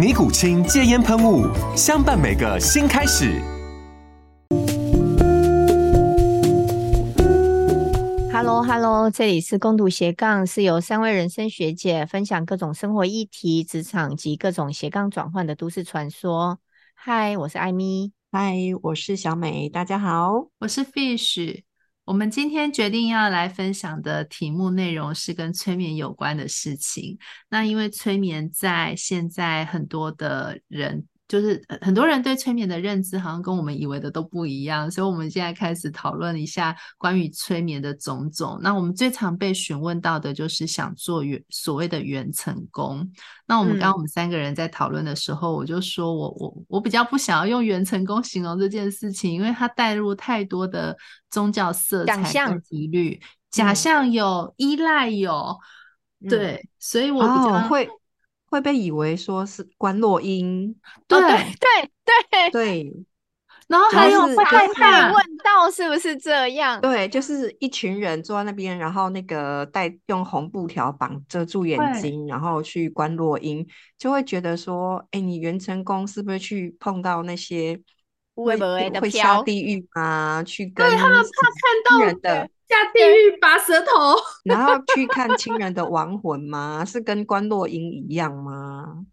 尼古清戒煙噴霧，相伴每個新開始。Hello Hello，這裡是共讀斜槓，是由三位人生學姐分享各種生活議題、職場及各種斜槓轉換的都市傳說。Hi，我是愛咪。Hi，我是小美。大家好，我是 Fish。我們今天決定要來分享的題目內容是跟催眠有關的事情。那因為催眠在現在很多的人。就是很多人對催眠的認知好像跟我們以為的都不一樣，所以我們現在開始討論一下關於催眠的種種。那我們最常被詢問到的就是想做所謂的元辰宮。那我們剛，剛我們三個人在討論的時候，嗯、我就說我我我比較不想要用元辰宮形容這件事情，因為它帶入太多的宗教色彩、疑慮、假象有、嗯、依賴有、嗯。對，所以我比較、哦、會。會被以為說是觀落陰，對、哦、對對對對，然後還有會怕、就是、問到是不是這樣？對，就是一群人坐在那邊，然後那個帶用紅布條綁遮住眼睛對，然後去觀落陰，就會覺得說，哎、欸，你元辰宮是不是去碰到那些有有會會下地獄嗎、啊？去跟對他們怕看到人的。下地獄拔舌頭， 然後去看親人的亡魂嗎？是跟觀落陰一樣嗎？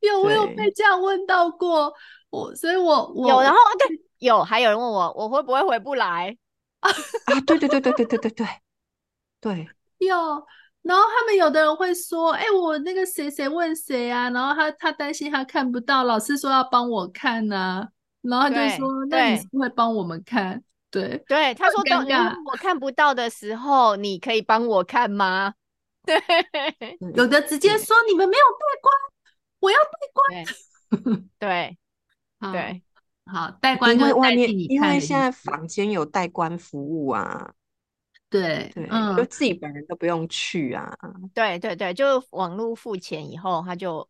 有，我有被這樣問到過我，所以我,我有。然後對，有還有人問我，我會不會回不來、 啊、對對對對對對對對有。然後他們有的人會說：“哎、欸，我那個誰誰問誰啊？”然後他他擔心他看不到，老師說要幫我看呢、啊。然後他就說：“那你是會不會幫我們看？”對對，他說等，嗯、我看不到的時候，你可以幫我看嗎？對，有的直接說你們沒有代觀，我要代觀。對 對好，代觀外面，因為現在坊間有代觀服務啊。對對，嗯，就自己本人都不用去啊。對對對，就網絡付錢以後他就，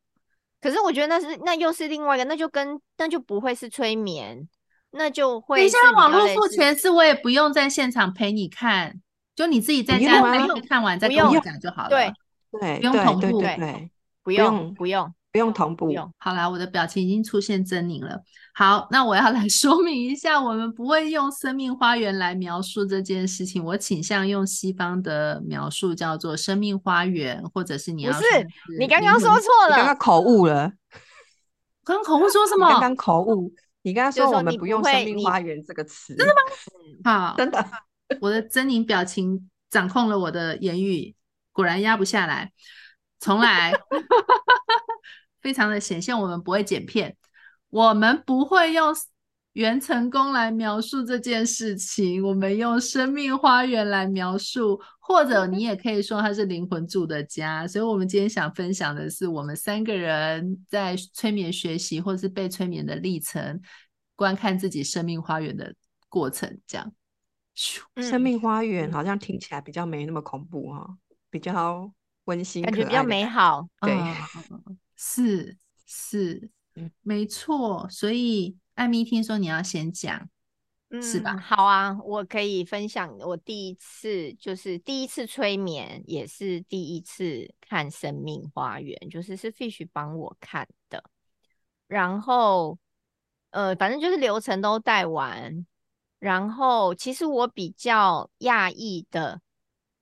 可是我覺得那是那又是另外一個，那就跟那就不會是催眠。那就會你。你現在網絡付錢，是我也不用在現場陪你看，就你自己在家看完，啊、看完再跟我講就好了。不對，不用同步。對，對，對不用不用不用同步。不用不用不用好啦，我的表情已經出現猙獰了。好，那我要來說明一下，我們不會用“生命花園”來描述這件事情，我傾向用西方的描述，叫做“生命花園”或者是你要。不是你剛剛說錯了，剛剛口誤了。剛 口誤說什麼？剛 剛口誤。你剛剛說我們不用“生命花園”這個詞，真的嗎？ 好，真的。我的猙獰表情掌控了我的言語，果然壓不下來。重來 非常的顯現。我們不會剪片，我們不會用。元辰宮來描述這件事情，我們用生命花園來描述，或者你也可以說它是靈魂住的家。所以，我們今天想分享的是我們三個人在催眠學習，或是被催眠的歷程，觀看自己生命花園的過程。這樣，生命花園好像聽起來比較沒那麼恐怖哈、啊，比較溫馨，感覺比較美好。對，嗯、是是，沒錯。所以。愛咪，聽說你要先講，嗯，是吧？好啊，我可以分享我第一次，就是第一次催眠，也是第一次看《生命花園》，就是是 Fish 幫我看的。然後，呃，反正就是流程都帶完。然後，其實我比較訝異的，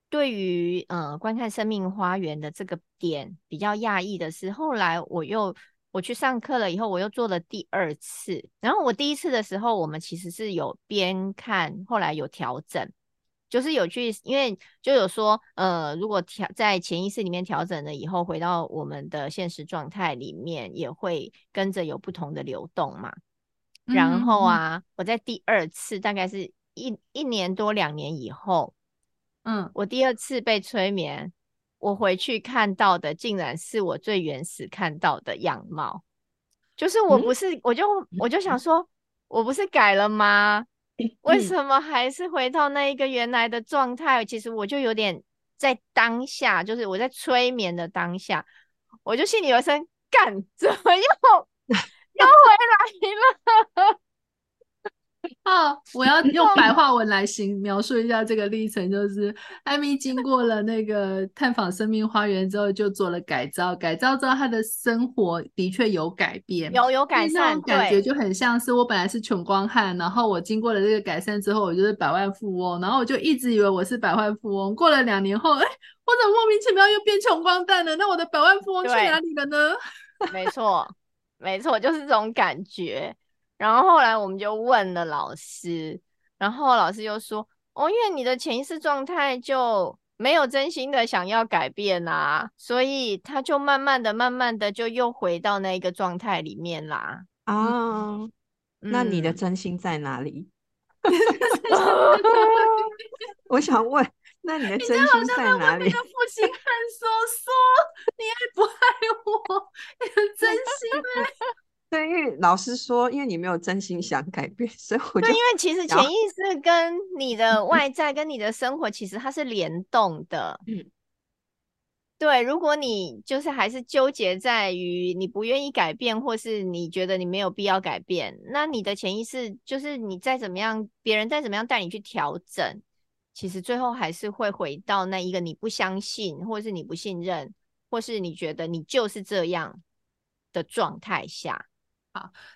對於呃觀看《生命花園》的這個點比較訝異的是，後來我又。我去上課了以後，我又做了第二次。然後我第一次的時候，我們其實是有邊看，後來有調整，就是有去，因為就有說，呃，如果調，在潛意識裡面調整了以後，回到我們的現實狀態裡面，也會跟着有不同的流動嘛。然後啊，嗯嗯、我在第二次，大概是一一年多兩年以後，嗯，我第二次被催眠。我回去看到的，竟然是我最原始看到的樣貌，就是我不是，嗯、我就我就想說，我不是改了嗎？為什麼還是回到那一個原來的狀態、嗯？其實我就有點在當下，就是我在催眠的當下，我就心裡有聲，幹，怎麼又又回來了？ 哦、 啊，我要用白話文來形容描述一下這個歷程，就是愛咪 經過了那個探訪生命花園之後，就做了改造。改造之後，他的生活的確有改變，有有改善。感覺就很像是我本來是窮光漢，然後我經過了這個改善之後，我就是百萬富翁。然後我就一直以為我是百萬富翁，過了兩年後，哎、欸，我怎麼莫名其妙又變窮光蛋了？那我的百萬富翁去哪裡了呢？ 沒錯，沒錯，就是這種感覺。然後後來我們就問了老師，然後老師又說：“哦，因為你的潛意識狀態就沒有真心的想要改變啊，所以他就慢慢的、慢慢的就又回到那個狀態裡面啦。哦”啊，那你的真心在哪裡？ 我想問，那你的真心在哪裡？我想問，那你的真心在哪裡？那個負心漢說說，你愛不愛我？你真心嗎、欸？ 對，於，老實說，因為你沒有真心想改變，生活。那因為其實潛意識跟你的外在 跟你的生活其實它是聯動的。嗯，對，如果你就是還是糾結在於你不願意改變，或是你覺得你沒有必要改變，那你的潛意識就是你再怎麼樣，別人再怎麼樣帶你去調整，其實最後還是會回到那一個你不相信，或是你不信任，或是你覺得你就是這樣的狀態下。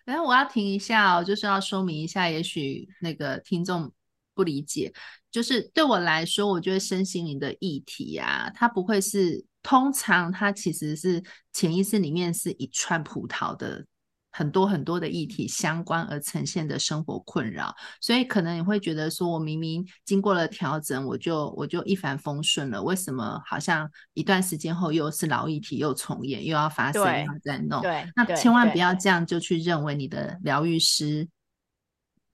然後我要停一下哦，就是要說明一下，也許那個聽眾不理解，就是對我來說，我覺得身心靈的議題啊，它不會是，通常它其實是潛意識裡面是一串葡萄的。很多很多的議題相關而呈現的生活困擾，所以可能你會覺得說，我明明經過了調整，我就我就一帆風順了，為什麼好像一段時間後又是老議題又重演，又要發生，又要再弄？對，那千萬不要這樣就去認為你的療癒師。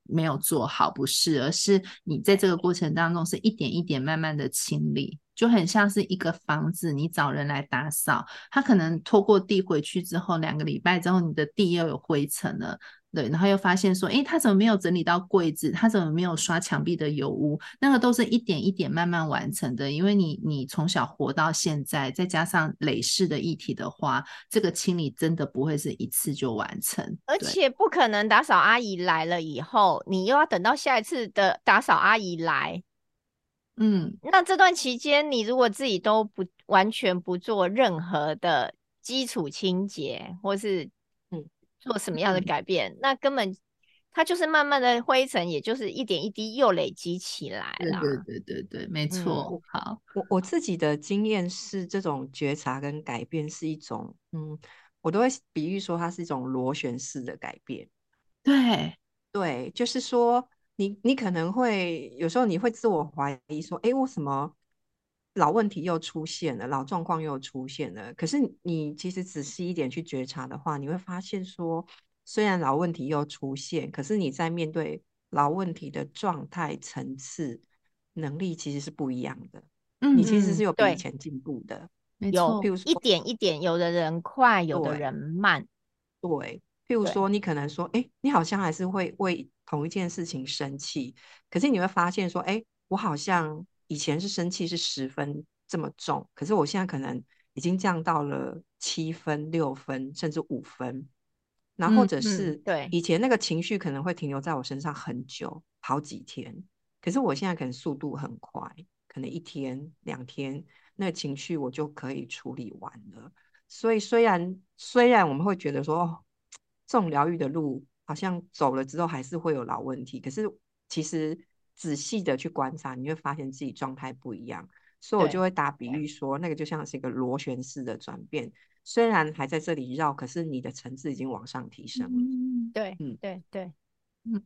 沒有做好，不是，而是你在這個過程當中是一點一點慢慢的清理，就很像是一個房子，你找人來打掃，他可能拖過地回去之後，兩個禮拜之後，你的地又有灰塵了。對，然後又發現說，哎，他怎麼沒有整理到櫃子？他怎麼沒有刷牆壁的油污？那個都是一點一點慢慢完成的，因為你你從小活到現在，再加上累世的議題的話，這個清理真的不會是一次就完成，而且不可能打掃阿姨來了以後，你又要等到下一次的打掃阿姨來。嗯，那這段期間，你如果自己都不完全不做任何的基礎清潔，或是。做什麼樣的改變、嗯？那根本它就是慢慢的灰塵，也就是一點一滴又累積起來了。對對對對，沒錯、嗯。好，我我自己的經驗是，這種覺察跟改變是一種，嗯，我都會比喻說它是一種螺旋式的改變。對對，就是說，你你可能會有時候你會自我懷疑說，哎、欸，我什麼？老問題又出現了，老狀況又出現了。可是你其實仔細一點去覺察的話，你會發現說，雖然老問題又出現，可是你在面對老問題的狀態層次能力其實是不一樣的。嗯，嗯，你其實是有比以前進步的，有比如說有一點一點，有的人快，有的人慢對。對，譬如說，你可能說，哎、欸，你好像還是會為同一件事情生氣。可是你會發現說，哎、欸，我好像。以前是生氣是十分這麼重，可是我現在可能已經降到了七分、六分，甚至五分。那或者是對以前那個情緒可能會停留在我身上很久，好幾天。可是我現在可能速度很快，可能一天兩天，那個情緒我就可以處理完了。所以雖然雖然我們會覺得說，這種療癒的路好像走了之後還是會有老問題，可是其實。仔細的去觀察，你會發現自己狀態不一樣。所以我就會打比喻說，那個就像是一個螺旋式的轉變，雖然還在這裡繞，可是你的層次已經往上提升了。嗯、對，嗯，對，對，嗯，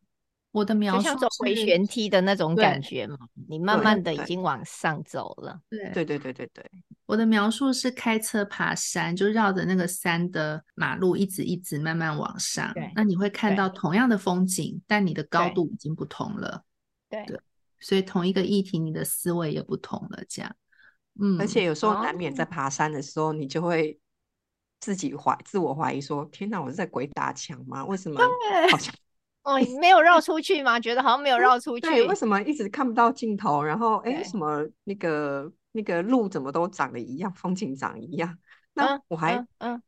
我的描述是，回旋梯的那種感覺嘛，你慢慢的已經往上走了。對，對，對，對，對，對。我的描述是開車爬山，就繞着那個山的馬路，一直一直慢慢往上，對。對，那你會看到同樣的風景，但你的高度已經不同了。對，對，所以同一個議題，你的思維也不同了，這樣。嗯，而且有時候難免在爬山的時候，哦、你就會自己懷自我懷疑，說：“天哪，我是在鬼打牆嗎？為什麼好像……哦，沒有繞出去嗎？ 覺得好像沒有繞出去，為什麼一直看不到盡頭？然後，哎，為什麼那個那個路怎麼都長得一樣，風景長一樣？那我還……嗯，嗯嗯，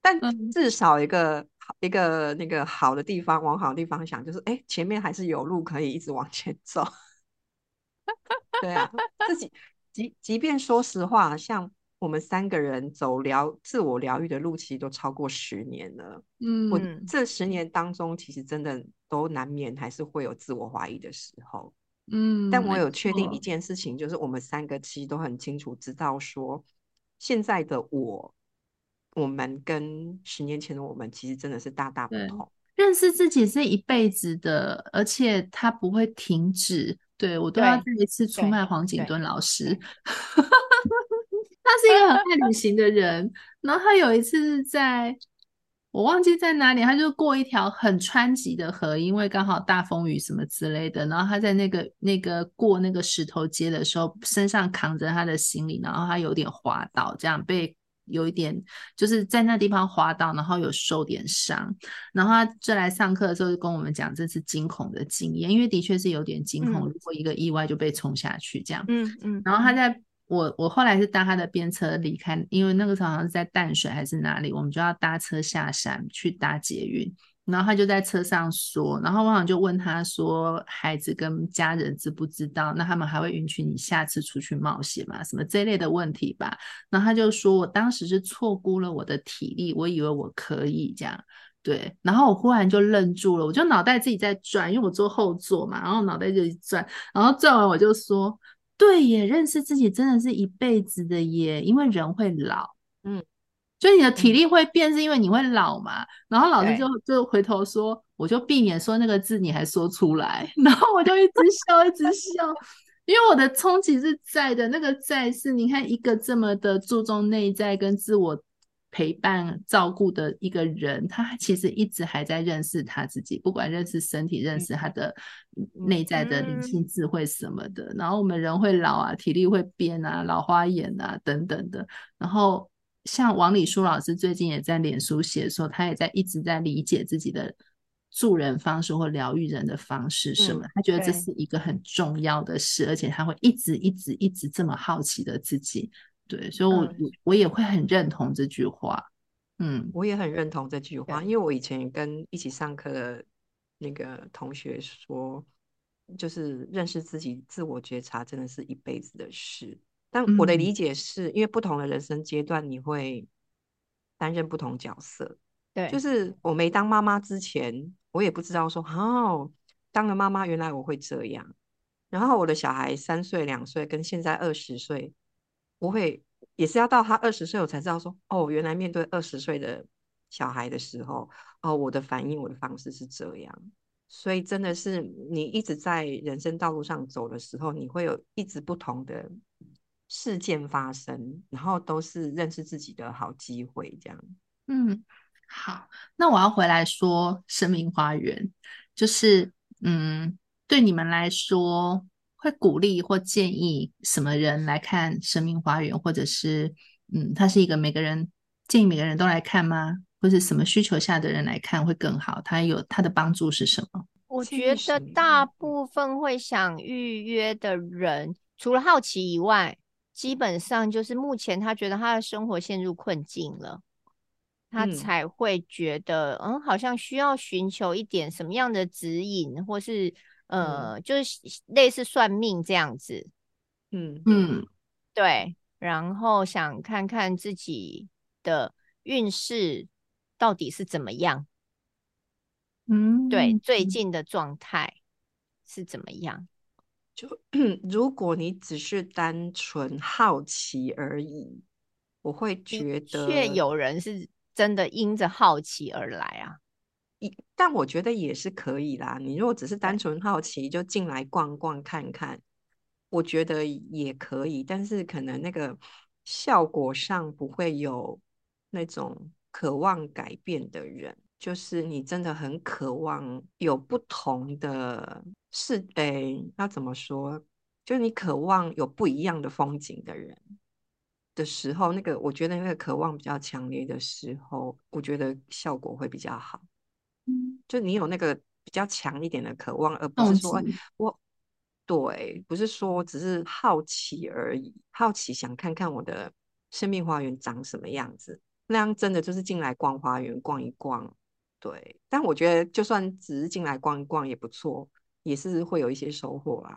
但至少一個。”一個那個好的地方，往好的地方想，就是哎、欸，前面還是有路可以一直往前走。 對啊，自己即即便說實話，像我們三個人走療自我療癒的路，其實都超過十年了。嗯，我這十年當中，其實真的都難免還是會有自我懷疑的時候。嗯，但我有確定一件事情，就是我們三個其實都很清楚知道說，現在的我。我們跟十年前的我們其實真的是大大不同。認識自己是一輩子的，而且他不會停止。對，我都要再一次出賣黃景敦老師。 他是一個很愛旅行的人， 然後他有一次在，我忘記在哪裡，他就過一條很湍急的河，因為剛好大風雨什麼之類的。然後他在那個那個過那個石頭街的時候，身上扛着他的行李，然後他有點滑倒，這樣被。有一點就是在那地方滑倒，然後有受點傷，然後他就來上課的時候就跟我們講這次驚恐的經驗，因為的確是有點驚恐、嗯，如果一個意外就被沖下去這樣，嗯嗯，然後他在我我後來是搭他的便車離開，因為那個時候好像是在淡水還是哪裡，我們就要搭車下山去搭捷運。然後他就在車上說，然後我好像就問他說，孩子跟家人知不知道？那他們還會允許你下次出去冒險嗎？什麼這類的問題吧？然後他就說，我當時是錯估了我的體力，我以為我可以這樣。對，然後我忽然就愣住了，我就腦袋自己在轉，因為我坐後座嘛，然後腦袋就一轉，然後轉完我就說，對耶，認識自己真的是一輩子的耶，因為人會老，嗯。所以你的體力會變，是因為你會老嘛？嗯、然後老師就就回頭說，我就避免說那個字，你還說出來，然後我就一直笑， 一直笑，因為我的衝擊是在的。那個在是，你看一個這麼的注重內在跟自我陪伴照顧的一個人，他其實一直還在認識他自己，不管認識身體，嗯、認識他的內在的靈性智慧什麼的，嗯。然後我們人會老啊，體力會變啊，老花眼啊等等的，然後。像王理書老師最近也在臉書寫的時候，他也在一直在理解自己的助人方式或療癒人的方式什麼、嗯，他覺得這是一個很重要的事、嗯，而且他會一直一直一直這麼好奇的自己。對，所以我，我、嗯、我也會很認同這句話。嗯，我也很認同這句話，嗯、因為我以前跟一起上課的那個同學說，就是認識自己、自我覺察，真的是一輩子的事。但我的理解是因為不同的人生階段，你會擔任不同角色。對，就是我沒當媽媽之前，我也不知道說好、哦。當了媽媽，原來我會這樣。然後我的小孩三歲、兩歲，跟現在二十歲，我會也是要到他二十歲，我才知道說哦，原來面對二十歲的小孩的時候，哦，我的反應、我的方式是這樣。所以真的是你一直在人生道路上走的時候，你會有一直不同的。事件發生，然後都是認識自己的好機會，這樣。嗯，好，那我要回來說《生命花園》，就是，嗯，對你們來說，會鼓勵或建議什麼人來看《生命花園》，或者是，嗯，他是一個每個人建議每個人都來看嗎？或者什麼需求下的人來看會更好？他有他的幫助是什麼？我覺得大部分會想預約的人，除了好奇以外，基本上就是目前他覺得他的生活陷入困境了，他才會覺得，嗯，嗯，好像需要尋求一點什麼樣的指引，或是，呃，嗯、就是類似算命這樣子。嗯嗯，對，然後想看看自己的運勢到底是怎麼樣。嗯，對，嗯、最近的狀態是怎麼樣？就 如果你只是單純好奇而已，我會覺得，確有人是真的因着好奇而來啊。一，但我覺得也是可以啦。你如果只是單純好奇，就進來逛逛看看，我覺得也可以。但是可能那個效果上不會有那種渴望改變的人。就是你真的很渴望有不同的，是誒，要怎麼說？就你渴望有不一樣的風景的人的時候，那個我覺得那個渴望比較強烈的時候，我覺得效果會比較好。嗯，就你有那個比較強一點的渴望，而不是說我，對，不是說只是好奇而已，好奇想看看我的生命花園長什麼樣子，那樣真的就是進來逛花園，逛一逛。對，但我覺得就算只是進來逛一逛也不錯，也是會有一些收穫啊。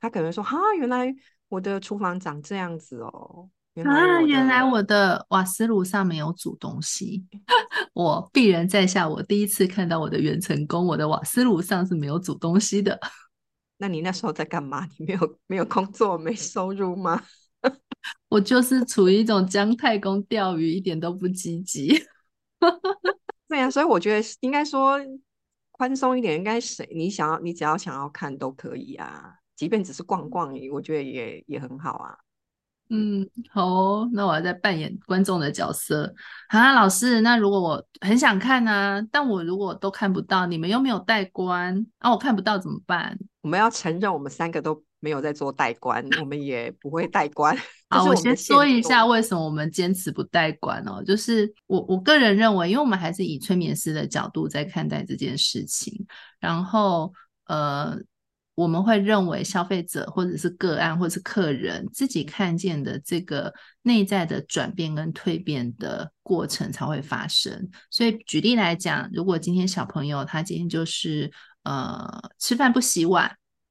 他可能說：“哈、啊，原來我的廚房長這樣子哦。原來”啊，原來我的瓦斯爐上沒有煮東西。 我鄙人在下，我第一次看到我的元辰宮，我的瓦斯爐上是沒有煮東西的。那你那時候在幹嘛？你沒有沒有工作，沒收入嗎？ 我就是處於一種姜太公釣魚，一點都不積極。 對呀、啊，所以我覺得應該說寬鬆一點，應該是你想要，你只要想要看都可以啊，即便只是逛逛，我覺得也也很好啊。嗯，好、哦，那我要再扮演觀眾的角色啊，老師，那如果我很想看呢、啊，但我如果都看不到，你們又沒有帶觀那、啊、我看不到怎麼辦？我們要承認，我們三個都。沒有在做代觀，我們也不會代觀。 好我,我先說一下，為什麼我們堅持不代觀哦，就是我我個人認為，因為我們還是以催眠師的角度在看待這件事情。然後，呃，我們會認為消費者或者是個案，或者是客人自己看見的這個內在的轉變跟蛻變的過程才會發生。所以舉例來講，如果今天小朋友他今天就是呃吃飯不洗碗。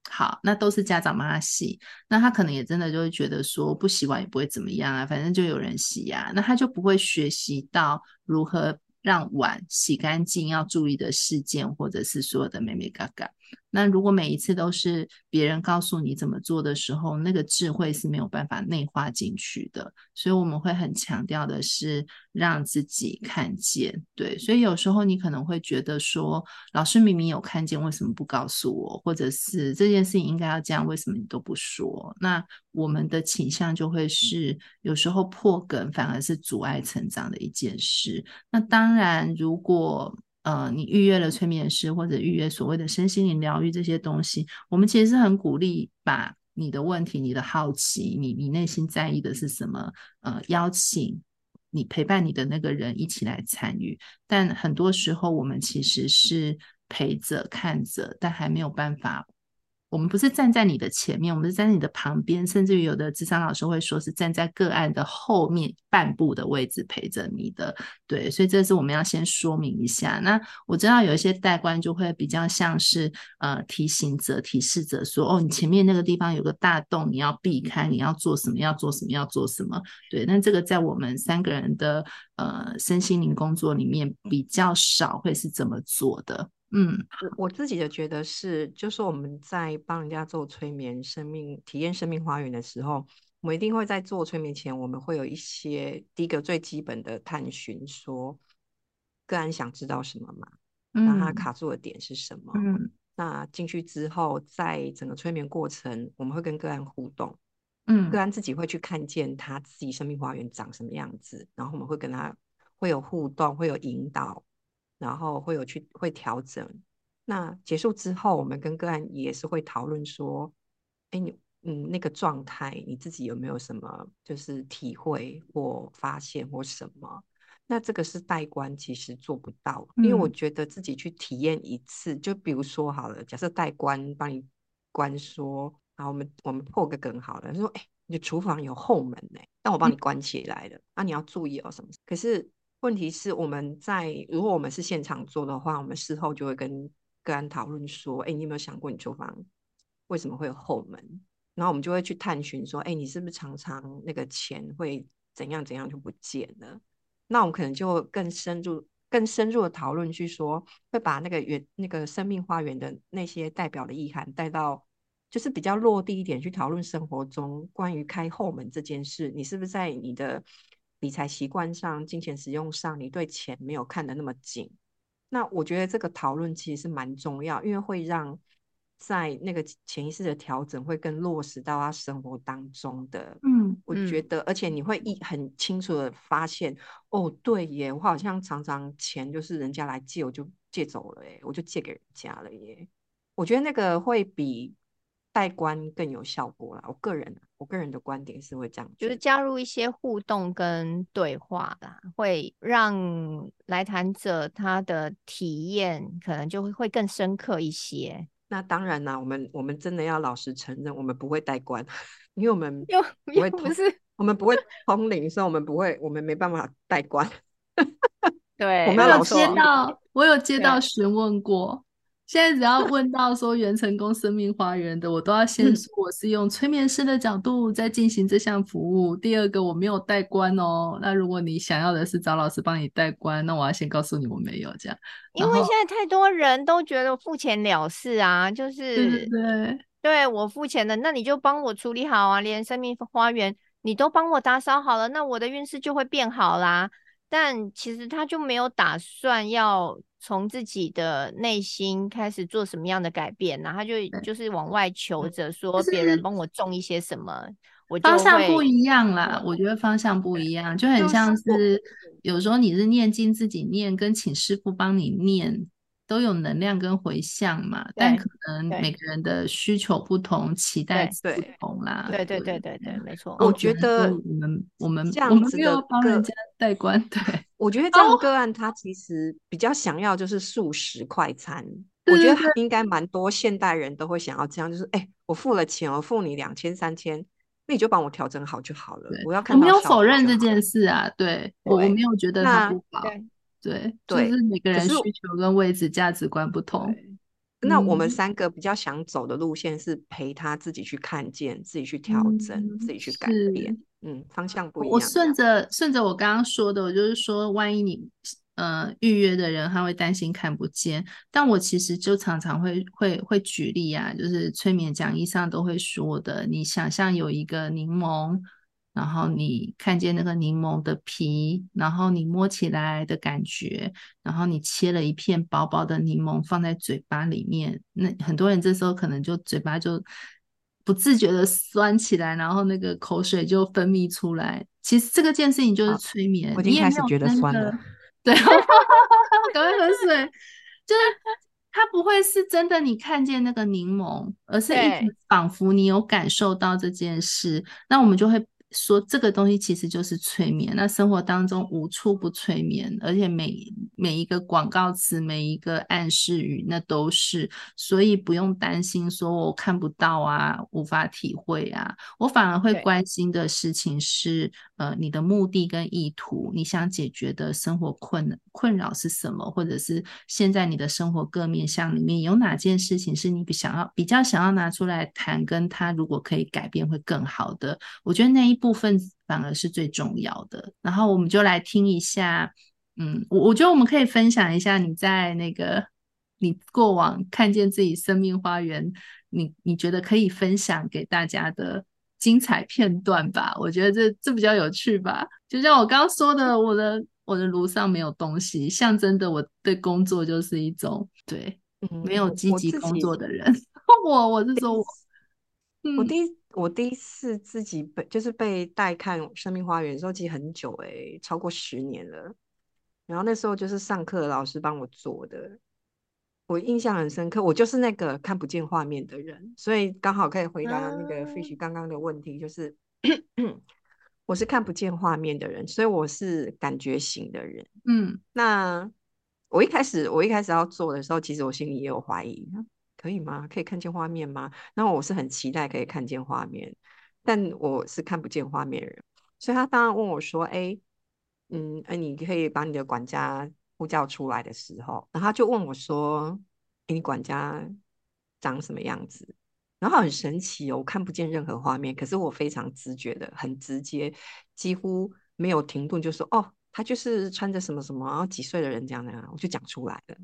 好，那都是家長幫他洗，那他可能也真的就會覺得說不洗碗也不會怎麼樣啊，反正就有人洗呀，啊，那他就不會學習到如何讓碗洗乾淨要注意的事件，或者是所有的眉眉角角。那如果每一次都是別人告訴你怎麼做的時候，那個智慧是沒有辦法內化進去的。所以我們會很強調的是讓自己看見。對，所以有時候你可能會覺得說，老師明明有看見，為什麼不告訴我？或者是這件事情應該要這樣，為什麼你都不說？那我們的傾向就會是，有時候破梗反而是阻礙成長的一件事。那當然，如果呃，你預約了催眠師，或者預約所謂的身心靈療癒這些東西，我們其實是很鼓勵把你的問題、你的好奇、你你內心在意的是什麼，呃，邀請你陪伴你的那個人一起來參與。但很多時候，我們其實是陪着看着，但還沒有辦法。我們不是站在你的前面，我們是站在你的旁邊，甚至於有的智商老師會說是站在個案的後面半步的位置陪着你的，對，所以這是我們要先說明一下。那我知道有一些代官就會比較像是呃提醒者、提示者說，哦，你前面那個地方有個大洞，你要避開，你要做什麼？要做什麼？要做什麼？對，但這個在我們三個人的呃身心靈工作裡面比較少，會是怎麼做的？嗯，我自己的覺得是，就是我們在幫人家做催眠、生命體驗、生命花園的時候，我們一定會在做催眠前，我們會有一些第一個最基本的探尋，說個案想知道什麼嘛。嗯，那他卡住的點是什麼？嗯，那進去之後，在整個催眠過程，我們會跟個案互動，嗯，個案自己會去看見他自己生命花園長什麼樣子，然後我們會跟他會有互動，會有引導。然後會有去會調整，那結束之後，我們跟個案也是會討論說，哎，你嗯那個狀態，你自己有沒有什麼就是體會或發現或什麼？那這個是代觀其實做不到、嗯，因為我覺得自己去體驗一次，就比如說好了，假設代觀幫你觀說，然後我們我們破個梗好了，說，哎，你廚房有後門哎、欸，但我幫你關起來了，嗯、啊，你要注意哦什麼事？可是。問題是我們在，如果我們是現場做的話，我們事後就會跟個案討論說：“哎，你有沒有想過你廚房為什麼會有後門？”然後我們就會去探尋說：“哎，你是不是常常那個錢會怎樣怎樣就不見了？”那我們可能就更深入、更深入的討論，去說會把那個原、那個生命花園的那些代表的意涵帶到，就是比較落地一點去討論生活中關於開後門這件事，你是不是在你的。理財習慣上，金錢使用上，你對錢沒有看得那麼緊。那我覺得這個討論其實是蠻重要，因為會讓在那個潛意識的調整會更落實到他生活當中的。嗯，我覺得，而且你會一很清楚的發現，嗯，哦，對耶，我好像常常錢就是人家來借，我就借走了耶，我就借給人家了耶。我覺得那個會比。代觀更有效果啦！我個人，我個人的觀點是會這樣，就是加入一些互動跟對話啦，會讓來談者他的體驗可能就會會更深刻一些。那當然啦，我們我們真的要老實承認，我們不會代觀，因為我們又，我又不是我們不會通靈， 所以我們不會，我們沒辦法代觀。 對，我們我有接到，我有接到詢問過。 現在只要問到說元辰宮、生命花園的，我都要先說我是用催眠師的角度在進行這項服務，嗯。第二個，我沒有代觀哦。那如果你想要的是找老師幫你代觀，那我要先告訴你我沒有這樣，因為現在太多人都覺得付錢了事啊，就是對、對、對，對我付錢了，那你就幫我處理好啊，連生命花園你都幫我打掃好了，那我的運勢就會變好啦。但其實他就沒有打算要從自己的內心開始做什麼樣的改變，啊，然後他就就是往外求着說別人幫我種一些什麼，我、嗯、方向不一樣啦。我覺得、嗯嗯、方向不一樣，就很像是有時候你是念經自己念，跟請師傅幫你念。都有能量跟回向嘛，但可能每個人的需求不同，期待不同啦。對對對對對，對，對，沒錯。啊、我覺得我、嗯、們我們這樣子的更加代觀。對，我覺得這樣個案他其實比較想要就是速食快餐、哦。我覺得它應該蠻多現代人都會想要這樣，對對對就是哎、欸，我付了錢，我付你兩千三千，那你就幫我調整好就好了。我要看到。我沒有否認這件事啊，對，我我沒有覺得他不好。對,對，就是每個人需求跟位置、價值觀不同、嗯。那我們三個比較想走的路線是陪他自己去看見、自己去調整、嗯、自己去改變。嗯，方向不一樣。我順着順着我剛剛說的，我就是說，萬一你呃預約的人他會擔心看不見，但我其實就常常會會會舉例啊，就是催眠講義上都會說的，你想象有一個檸檬。然後你看見那個檸檬的皮，然後你摸起來的感覺，然後你切了一片薄薄的檸檬放在嘴巴裡面，那很多人這時候可能就嘴巴就不自覺的酸起來，然後那個口水就分泌出來。其實這個件事情就是催眠，啊，我一開始覺得酸的。我已經開始覺得酸了。對，趕 快喝水。就是它不會是真的，你看見那個檸檬，而是一直仿佛你有感受到這件事，那我們就會。說這個東西其實就是催眠，那生活當中無處不催眠，而且每每一個廣告詞、每一個暗示語，那都是，所以不用擔心說我看不到啊，無法體會啊，我反而會關心的事情是，呃，你的目的跟意圖，你想解決的生活困困擾是什麼，或者是現在你的生活各面向裡面有哪件事情是你比想要比較想要拿出來談，跟他如果可以改變會更好的，我覺得那一部分反而是最重要的。然後我們就來聽一下，嗯，我我覺得我們可以分享一下你在那個你過往看見自己生命花園，你你覺得可以分享給大家的精彩片段吧？我覺得這這比較有趣吧。就像我剛剛說的，我的我的爐上沒有東西，象徵的我對工作就是一種對，嗯，沒有積極工作的人。我我是說我，我，我第一。嗯，我第一我第一次自己被就是被帶看《生命花園》的時候，其實很久哎、欸，超過十年了。然後那時候就是上課老師幫我做的，我印象很深刻。我就是那個看不見畫面的人，所以剛好可以回答那個 Fish 剛剛的問題，就是、嗯、 我是看不見畫面的人，所以我是感覺型的人。嗯，那我一開始我一開始要做的時候，其實我心裡也有懷疑。可以嗎？可以看見畫面嗎？然後我是很期待可以看見畫面，但我是看不見畫面人。所以他當然問我說：“哎、欸，嗯，哎、欸，你可以把你的管家呼叫出來的時候。”然後他就問我說、欸：“你管家長什麼樣子？”然後很神奇哦，我看不見任何畫面，可是我非常直覺的、很直接，幾乎沒有停頓，就說：“哦，他就是穿着什麼什麼，然後幾歲的人這樣那樣。”我就講出來了。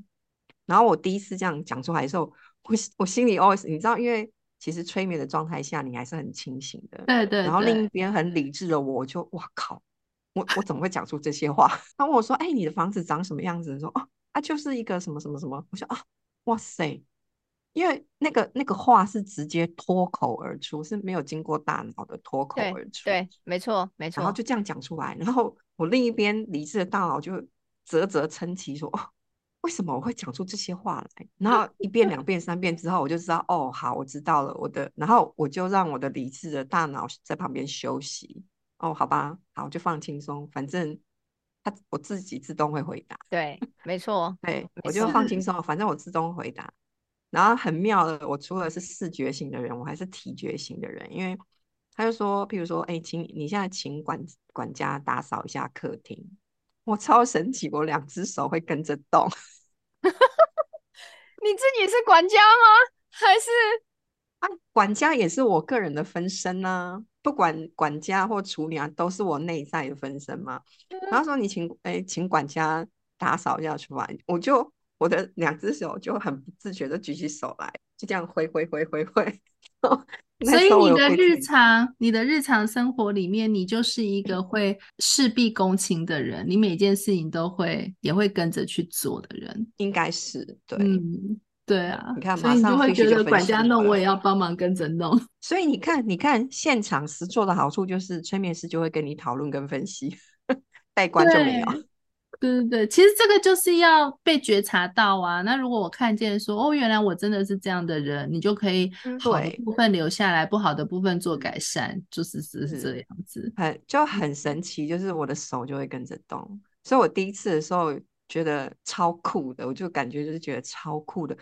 然後我第一次這樣講出來的時候。我我心裡 always，你知道，因為其實催眠的狀態下，你還是很清醒的。對對，對。然後另一邊很理智的我就，就哇靠，我我怎麼會講出這些話？他 問我說：“哎、欸，你的房子長什麼樣子？”說：“啊、哦、啊，就是一個什麼什麼什麼。”我說：“啊，哇塞，因為那個那個話是直接脫口而出，是沒有經過大腦的脫口而出。對，對沒錯沒錯。然後就這樣講出來，然後我另一邊理智的大腦就嘖嘖稱奇說。”為什麼我會講出這些話來？然後一遍、兩遍、三遍之後，我就知道哦，好，我知道了。我的，然後我就讓我的理智的大腦在旁邊休息。哦，好吧，好，我就放輕鬆，反正他我自己自動會回答。對，沒錯，對，我就放輕鬆，反正我自動回答。然後很妙的，我除了是視覺型的人，我還是體覺型的人，因為他就說，譬如說，哎、欸，請你現在請管管家打掃一下客廳。我超神奇，我兩隻手會跟着動。 你自己是管家嗎？還是啊，管家也是我個人的分身呢、啊。不管管家或廚娘，都是我內在的分身嘛。然後說你請，哎，請管家打掃一下廚房，我就我的兩隻手就很不自覺的舉起手來，就這樣揮揮揮揮揮揮。 所以你的日常， 你的日常生活裡面，你就是一個會事必躬親的人， 你每件事情都會也會跟着去做的人，應該是對，嗯，對啊，你看馬上就會覺得管家弄，我也要幫忙跟着弄。所以你看，你看現場實作的好處就是催眠師就會跟你討論跟分析，代 觀就沒有。對對對，其實這個就是要被覺察到啊。那如果我看見說，哦，原來我真的是這樣的人，你就可以好的部分留下來，不好的部分做改善，就是是這樣子。很就很神奇，就是我的手就會跟着動、嗯。所以我第一次的時候覺得超酷的，我就感覺就是覺得超酷的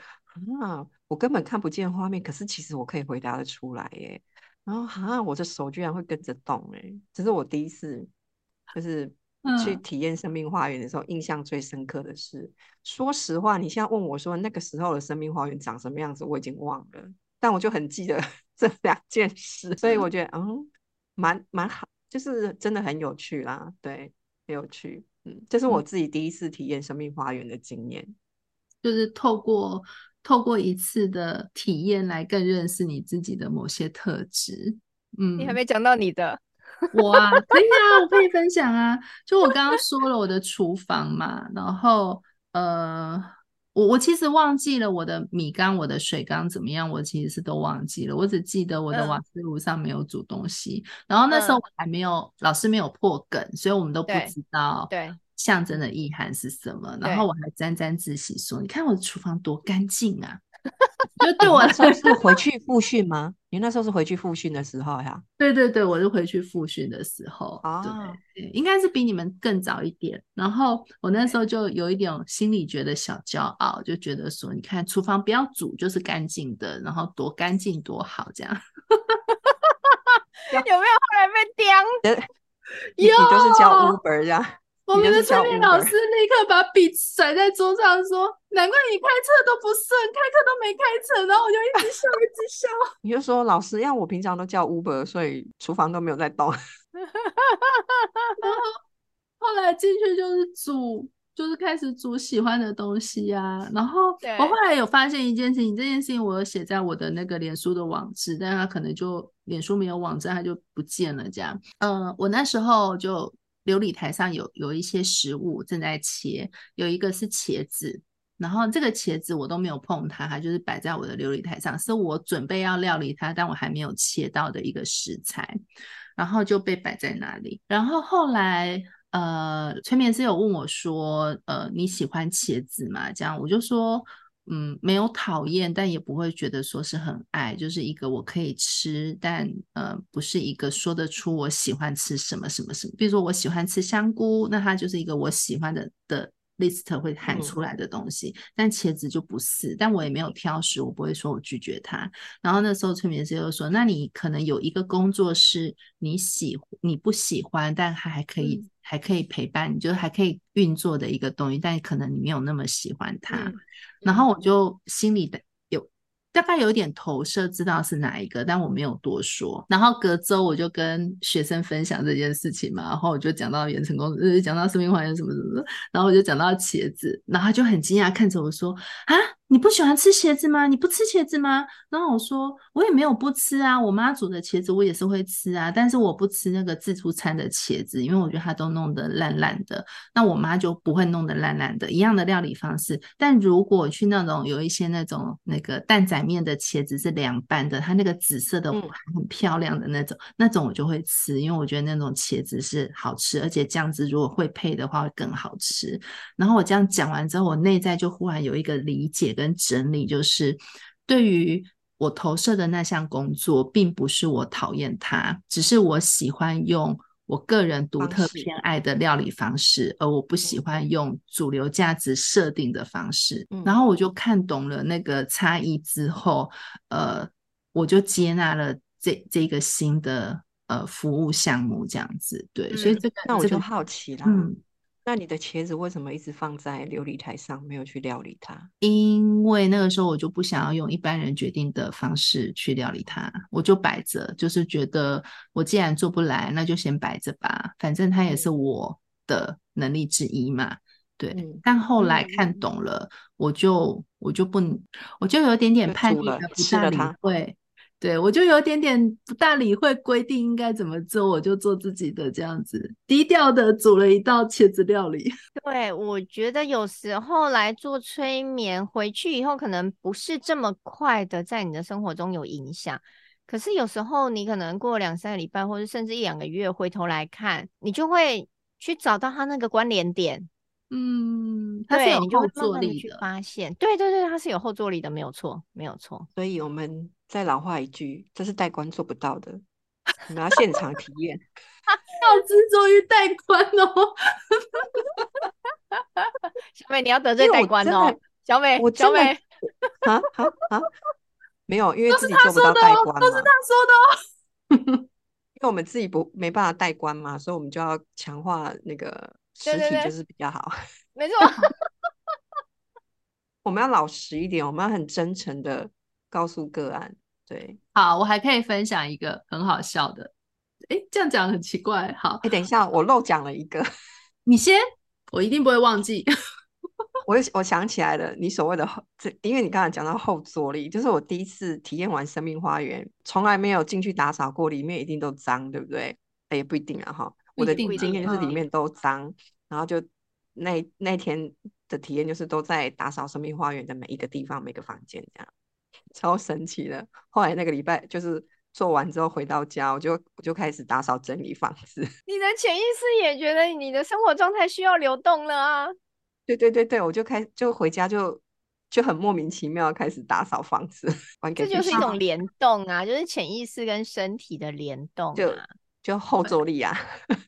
啊！我根本看不見畫面，可是其實我可以回答得出來耶。然後哈、啊，我的手居然會跟着動哎，這是我第一次，就是。去體驗生命花園的時候，印象最深刻的是，說實話，你現在問我說那個時候的生命花園長什麼樣子，我已經忘了，但我就很記得這兩件事，所以我覺得，嗯，蠻蠻好，就是真的很有趣啦，對，很有趣，嗯，這是我自己第一次體驗生命花園的經驗，就是透過透過一次的體驗來更認識你自己的某些特質，嗯，你還沒講到你的。 我啊，可以啊，我可以分享啊。就我剛剛說了我的廚房嘛， 然後呃，我我其實忘記了我的米缸、我的水缸怎麼樣，我其實是都忘記了。我只記得我的瓦斯爐上沒有煮東西、嗯，然後那時候我還沒有、嗯、老師沒有破梗，所以我們都不知道象徵的意涵是什麼。然後我還沾沾自喜說：“你看我的廚房多乾淨啊！” 就對我說是回去復訓嗎？你那時候是回去復訓 的時候呀、啊？對對對，我就回去復訓的時候啊、oh.，應該是比你們更早一點。然後我那時候就有一點心裡覺得小驕傲，okay. 就覺得說，你看廚房不要煮就是乾淨的，然後多乾淨多好這樣。 有沒有後來被刁的？ 有有 你你都是叫 Uber 這樣。 我們的催眠老師立刻把筆甩在桌上，說：“難怪你開車都不順，開車都沒開成。”然後我就一直笑， 一直笑。你就說老師，因為我平常都叫 Uber，所以廚房都沒有在動。哈哈哈哈哈，然後後來進去就是煮，就是開始煮喜歡的東西呀、啊。然後我後來有發現一件事情，這件事情我寫在我的那個臉書的網址，但它可能就臉書沒有網站，它就不見了。這樣，嗯、呃，我那時候就。琉璃台上有有一些食物正在切，有一個是茄子，然後這個茄子我都沒有碰它，它就是擺在我的琉璃台上，是我準備要料理它，但我還沒有切到的一個食材，然後就被擺在那裡。然後後來呃催眠師有問我說，呃你喜歡茄子嗎？這樣我就說。嗯，沒有討厭，但也不會覺得說是很愛，就是一個我可以吃，但呃，不是一個說得出我喜歡吃什麼什麼什麼。比如說我喜歡吃香菇，那它就是一個我喜歡的的，list 會喊出來的東西、嗯，但茄子就不是。但我也沒有挑食，我不會說我拒絕它。然後那時候催眠師又說：“那你可能有一個工作是你喜你不喜歡，但它還可以、嗯、還可以陪伴你，就是還可以運作的一個東西，但可能你沒有那麼喜歡它。嗯”然後我就心裡的。大概有點投射，知道是哪一個，但我沒有多說。然後隔周我就跟學生分享這件事情嘛，然後我就講到元辰宮，講、就是、到生命花園什,什麼什麼，然後我就講到茄子，然後就很驚訝看着我說啊。你不喜歡吃茄子嗎？你不吃茄子嗎？然後我說，我也沒有不吃啊，我媽煮的茄子我也是會吃啊，但是我不吃那個自助餐的茄子，因為我覺得它都弄得爛爛的。那我媽就不會弄得爛爛的，一樣的料理方式。但如果去那種有一些那種那個擔仔麵的茄子是涼拌的，它那個紫色的、嗯、很漂亮的那種，那種我就會吃，因為我覺得那種茄子是好吃，而且醬汁如果會配的話會更好吃。然後我這樣講完之後，我內在就忽然有一個理解。跟整理就是，對於我投射的那項工作，並不是我討厭它，只是我喜歡用我個人獨特偏愛的料理方式，方式，而我不喜歡用主流價值設定的方式。嗯、然後我就看懂了那個差異之後，嗯、呃，我就接納了這這個新的呃服務項目，這樣子。對，嗯、所以這個那我就好奇啦。這個嗯那你的茄子為什麼一直放在琉璃台上，沒有去料理它？因為那個時候我就不想要用一般人決定的方式去料理它，我就擺着，就是覺得我既然做不來，那就先擺着吧，反正它也是我的能力之一嘛。嗯、對，但後來看懂了，嗯、我就我就不，我就有點點叛逆了，不是，理會。對，我就有點點不大理會規定應該怎麼做，我就做自己的這樣子，低調的煮了一道茄子料理。對，我覺得有時候來做催眠，回去以後可能不是這麼快的在你的生活中有影響，可是有時候你可能過兩三個禮拜，或者甚至一兩個月，回頭來看，你就會去找到他那個關聯點。嗯，它是有後座力的，對，你就會慢慢的去發現，對對對，它是有後坐力的，沒有錯，沒有錯，所以我們。再老話一句，這是代觀做不到的。我們要現場體驗， 他要執着於代觀哦。 小美，你要得罪代觀哦。小美，我小美啊哈哈沒有，因為自己做不到代觀，都是他說的哦。的哦 因為我們自己不沒辦法代觀嘛，所以我們就要強化那個實體，就是比較好。對對對 沒錯， 我們要老實一點，我們要很真誠的。告訴個案，對，好，我還可以分享一個很好笑的，哎、欸，這樣講很奇怪，好，哎、欸，等一下，我漏講了一個， 你先，我一定不會忘記， 我我想起來了，你所謂的後這，因為你剛才講到後座力，就是我第一次體驗完生命花園，從來沒有進去打掃過，裡面一定都髒，對不對？哎、欸，也不一定啊，哈，我的第一經驗就是裡面都髒，然後就那那天的體驗就是都在打掃生命花園的每一個地方、每個房間這樣。超神奇的！後來那個禮拜就是做完之後回到家，我就我就開始打掃整理房子。你的潛意識也覺得你的生活狀態需要流動了啊！對對對對，我就開始就回家就就很莫名其妙開始打掃房， 房子，這就是一種聯動啊，就是潛意識跟身體的聯動啊。叫後坐力呀、啊，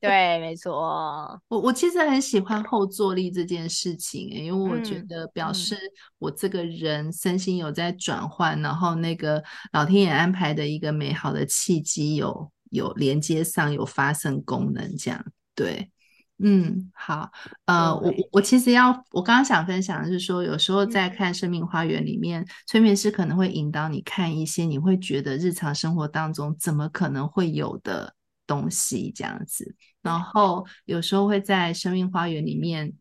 對，沒錯。 我我其實很喜歡後坐力這件事情、欸，因為我覺得表示我這個人身心有在轉換，嗯、然後那個老天爺安排的一個美好的契機有有連接上有發生功能，這樣對，嗯，好，呃，我我其實要我剛剛想分享的是說，有時候在看《生命花園》裡面，催眠師可能會引導你看一些你會覺得日常生活當中怎麼可能會有的。東西這樣子，然後有時候會在生命花園裡面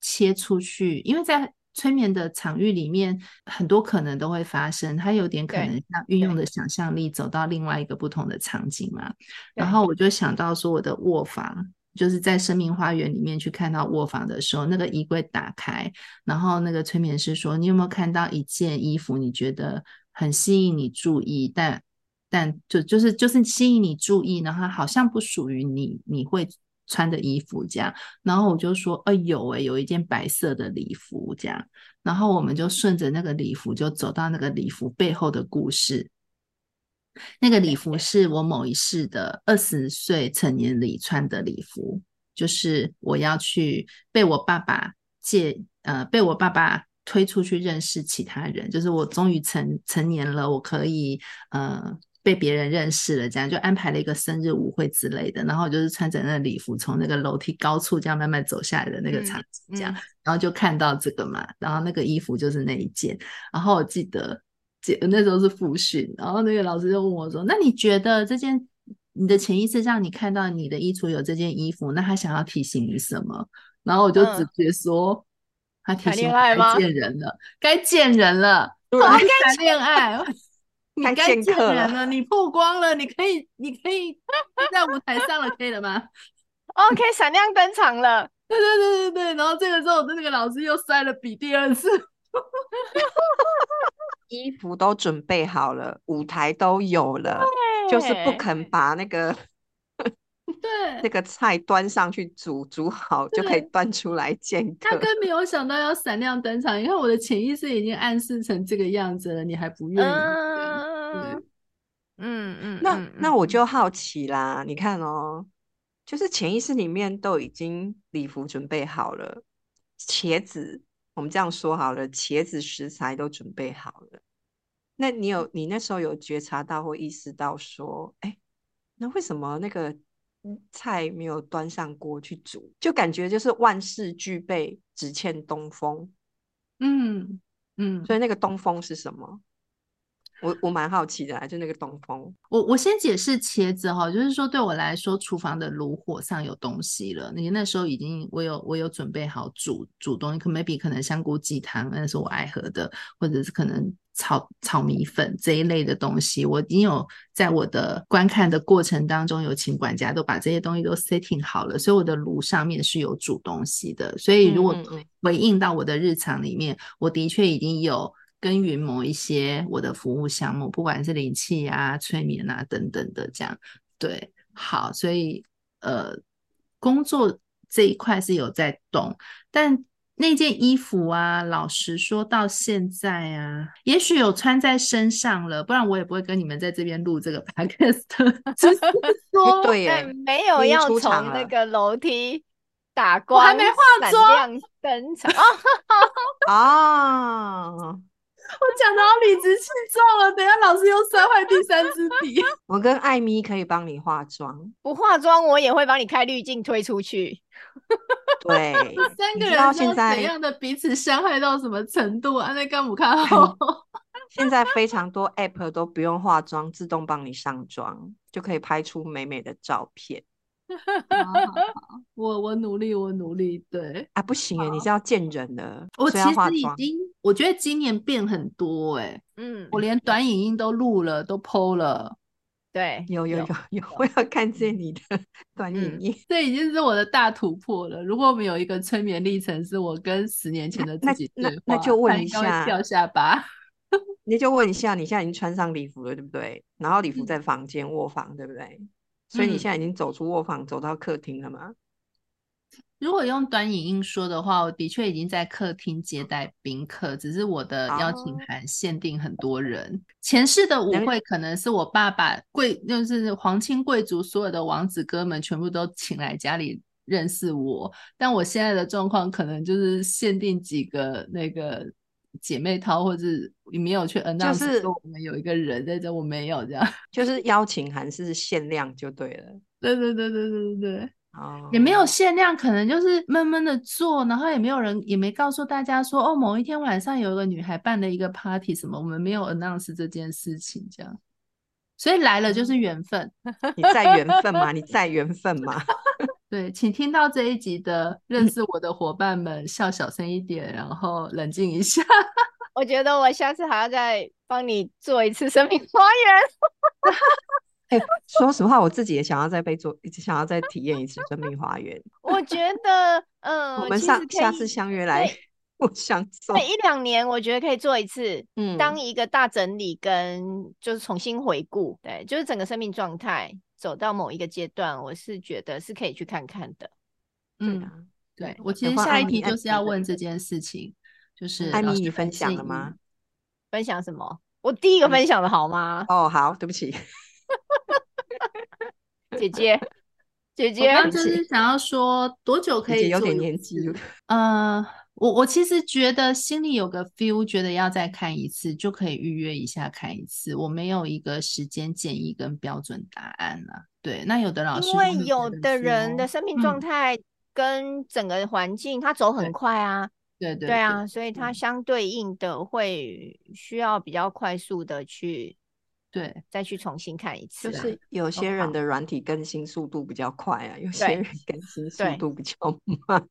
切出去，因為在催眠的場域裡面，很多可能都會發生。它有點可能像運用的想象力走到另外一個不同的場景嘛。然後我就想到說，我的臥房就是在生命花園裡面去看到臥房的時候，那個衣櫃打開，然後那個催眠師說：“你有沒有看到一件衣服？你覺得很吸引你注意。”但但就就是就是吸引你注意，然後好像不屬於你，你會穿的衣服這樣。然後我就說，哎呦有哎，有一件白色的禮服這樣。然後我們就順着那個禮服，就走到那個禮服背後的故事。那個禮服是我某一世的二十歲成年禮穿的禮服，就是我要去被我爸爸借，呃，被我爸爸推出去認識其他人，就是我終於成成年了，我可以，呃。被別人認識了，這樣就安排了一個生日舞會之類的，然後就是穿着那個禮服從那個樓梯高處這樣慢慢走下來的那個場景，這樣、嗯，然後就看到這個嘛、嗯，然後那個衣服就是那一件，然後我記得那時候是復訓，然後那個老師就問我說：“嗯、那你覺得這件你的潛意識讓你看到你的衣櫥有這件衣服，那他想要提醒你什麼？”然後我就直接說：“嗯、他提醒我，見人了，該見人了，人我談戀愛。 ”太你見 你曝光了，你可以，你可以在舞台上了的，可以了嗎？OK，閃亮登場了。對對對對對，然後這個時候的那個老師又摔了筆第二次。 衣服都準備好了，舞台都有了，okay. 就是不肯把那個。 對，那、這個菜端上去煮，煮好就可以端出來見客。他更沒有想到要閃亮登場，因為我的潛意識已經暗示成這個樣子了，你還不願意。嗯嗯，嗯。那那我就好奇啦，嗯、你看哦、喔，就是潛意識裡面都已經禮服準備好了，茄子，我們這樣說好了，茄子食材都準備好了。那你有你那時候有覺察到或意識到說，哎、欸，那為什麼那個？菜沒有端上鍋去煮，就感覺就是萬事俱備，只欠東風。嗯嗯，所以那個東風是什麼？我我蠻好奇的，就那個東風。我我先解釋茄子哈，就是說對我來說，廚房的爐火上有東西了。你那時候已經我有我有準備好煮煮東西，可 maybe 可能香菇雞湯那是我愛喝的，或者是可能。炒炒米粉這一類的東西，我已經有在我的觀看的過程當中，有請管家都把這些東西都 setting 好了，所以我的爐上面是有煮東西的。所以如果回應到我的日常裡面，嗯、我的確已經有耕耘某一些我的服務項目，不管是靈氣啊、催眠啊等等的這樣。對，好，所以呃，工作這一塊是有在動，但。那件衣服啊，老實說到現在啊，也許有穿在身上了，不然我也不會跟你們在這邊錄這個 podcast。怎麼說？對耶 沒有要從那個樓梯打光， 我還沒化妝，等一下。啊。 oh. 我講得好理直氣壯了，等下老師又摔壞第三支筆。我跟艾米可以幫你化妝，不化妝我也會幫你開濾鏡推出去。對，三個人到現在怎樣的彼此傷害到什麼程度？啊？那甘不看好。現在非常多 app 都不用化妝， 自動幫你上妝，就可以拍出美美的照片。 哦、我我努力，我努力，對啊，不行哎，你是要見人的，我其實已經，我覺得今年變很多哎，嗯，我連短影音都錄了，都 po 了，對，有有有有、有、有，我要看見你的短影音，這已經是我的大突破了。如果我們有一個催眠歷程，是我跟十年前的自己對話、啊、那、那、那就問一下，那剛剛會掉下巴。那 就問一下，你現在已經穿上禮服了，對不對？然後禮服在房間、嗯、臥房，對不對？所以你現在已經走出臥房、嗯，走到客廳了嗎？如果用短影音說的話，我的確已經在客廳接待賓客，oh. 只是我的邀請函限定很多人。Oh. 前世的舞會可能是我爸爸貴，就是皇親貴族，所有的王子哥們全部都請來家裡認識我。但我現在的狀況可能就是限定幾個那個。姐妹淘，或者是你沒有去 announce，就是我們有一個人在這，我沒有這樣，就是邀請函是限量就對了，對對對對對對，對、oh. 也沒有限量，可能就是悶悶的做，然後也沒有人，也沒告訴大家說哦，某一天晚上有一個女孩辦了一個 party 什麼，我們沒有 announce 這件事情這樣，所以來了就是緣分，你在緣分嗎？你在緣分嗎？ 對，請聽到這一集的認識我的夥伴們，嗯、笑小聲一點，然後冷靜一下。 我覺得我下次還要再幫你做一次生命花園。哎、 欸，說實話，我自己也想要再被做，想要再體驗一次生命花園。 我覺得，嗯、呃，我們下下次相約來，我想每一兩年，我覺得可以做一次，嗯，當一個大整理跟就是重新回顧，對，就是整個生命狀態。走到某一個階段，我是覺得是可以去看看的。嗯，對,對我其實下一題就是要問這件事情，就是愛咪，你分享了嗎？分享什麼？我第一個分享的好嗎？嗯、哦，好，對不起， 姐姐，姐姐，我就是想要說多久可以做有點年紀了，嗯、呃。我我其實覺得心裡有個 feel，覺得要再看一次就可以預約一下看一次。我沒有一個時間建議跟標準答案了。對，那有的老師說因為有的人的生命狀態跟整個環境，嗯、他走很快啊，嗯、對對對，對，對啊，所以他相對應的會需要比較快速的去對，再去重新看一次，啊。就是有些人的軟體更新速度比較快啊，有些人更新速度比較慢。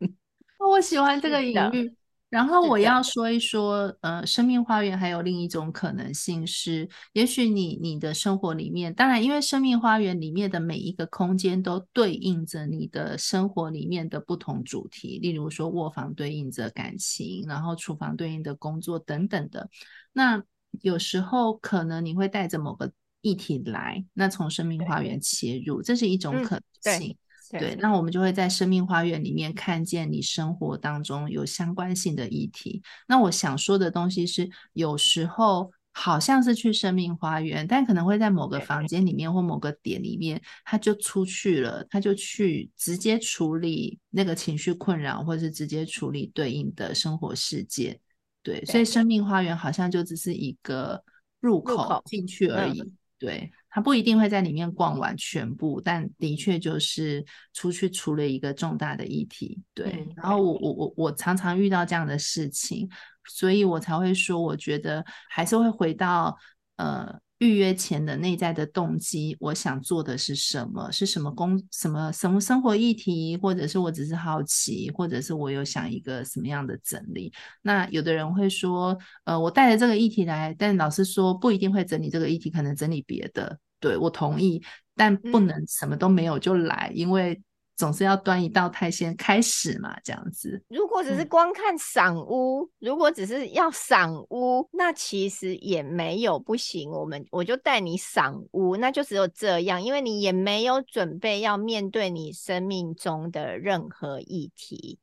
我喜歡這個隱喻，然後我要說一說，呃，生命花園還有另一種可能性是，也許你你的生活裡面，當然，因為生命花園裡面的每一個空間都對應着你的生活裡面的不同主題，例如說臥房對應着感情，然後廚房對應的工作等等的。那有時候可能你會帶着某個議題來，那從生命花園切入，這是一種可能性。嗯對，那我們就會在生命花園裡面看見你生活當中有相關性的議題。那我想說的東西是，有時候好像是去生命花園，但可能會在某個房間裡面或某個點裡面，他就出去了，他就去直接處理那個情緒困擾，或是直接處理對應的生活事件。對，所以生命花園好像就只是一個入口，入口進去而已。嗯。對他不一定會在裡面逛完全部，但的確就是出去出了一個重大的議題。對，嗯，然後我我我我常常遇到這樣的事情，所以我才會說，我覺得還是會回到呃。預約前的內在的動機，我想做的是什麼？是什麼工，什麼，什麼生活議題，或者是我只是好奇，或者是我有想一個什麼樣的整理？那有的人會說，呃，我帶着這個議題來，但老師說不一定會整理這個議題，可能整理別的。對，我同意，但不能什麼都沒有就來，因為。總是要端一道菜先開始嘛，這樣子。如果只是光看賞屋、嗯，如果只是要賞屋，那其實也沒有不行。我們我就帶你賞屋，那就只有這樣，因為你也沒有準備要面對你生命中的任何議題。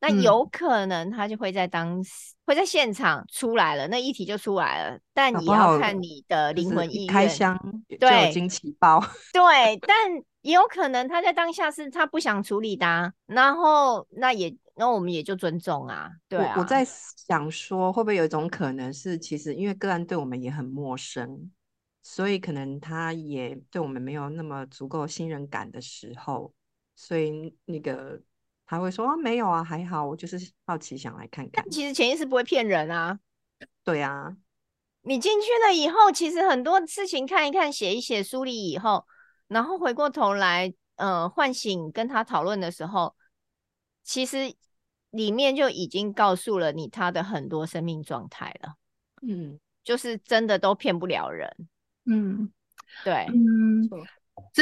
那有可能他就會在當時、嗯、會在現場出來了，那議題就出來了。但你要看你的靈魂意願，啊就是、開箱對，有驚奇包。對， 對，但也有可能他在當下是他不想處理的、啊， 然後那也那我們也就尊重啊。對啊我。我在想說，會不會有一種可能是，其實因為個案對我們也很陌生，所以可能他也對我們沒有那麼足夠信任感的時候，所以那個。還會說，啊，沒有啊，還好，我就是好奇想來看看。但其實潛意識不會騙人啊，對啊。你進去了以後，其實很多事情看一看、寫一寫、梳理以後，然後回過頭來，呃，喚醒跟他討論的時候，其實裡面就已經告訴了你他的很多生命狀態了。嗯，就是真的都騙不了人。嗯，對，嗯。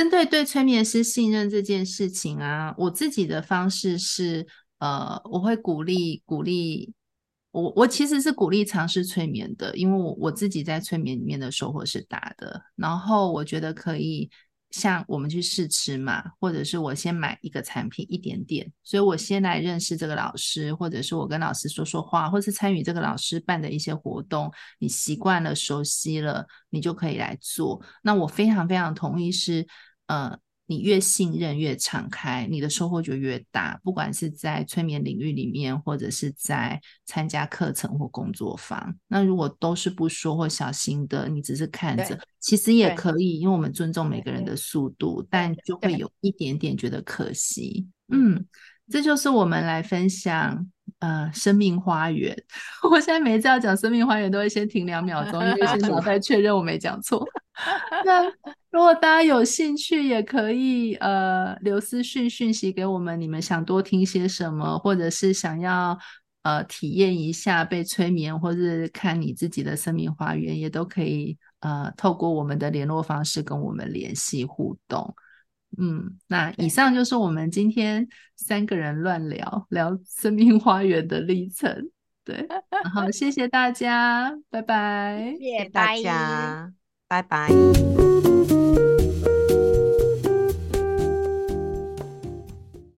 針對對催眠師信任這件事情啊，我自己的方式是，呃，我會鼓勵鼓勵我，我其實是鼓勵嘗試催眠的，因為我我自己在催眠裡面的收穫是大的。然後我覺得可以像我們去試吃嘛，或者是我先買一個產品一點點。所以我先來認識這個老師，或者是我跟老師說說話，或是參與這個老師辦的一些活動。你習慣了，熟悉了，你就可以來做。那我非常非常同意是。呃，你越信任越敞開，你的收穫就越大。不管是在催眠領域裡面，或者是在參加課程或工作坊，那如果都是不說或小心的，你只是看着，其實也可以，因為我們尊重每個人的速度，但就會有一點點覺得可惜。嗯，這就是我們來分享呃生命花園。 我現在每次要講生命花園，都會先停兩秒鐘， 因為是我在確認我沒講錯。 那。如果大家有興趣，也可以呃留私訊訊息給我們。你們想多聽些什麼，或者是想要呃體驗一下被催眠，或是看你自己的生命花園，也都可以呃透過我們的聯絡方式跟我們聯繫互動。嗯，那以上就是我們今天三個人亂聊聊生命花園的歷程。對，好， 謝謝大家， 拜拜，謝謝大家，拜拜。拜拜。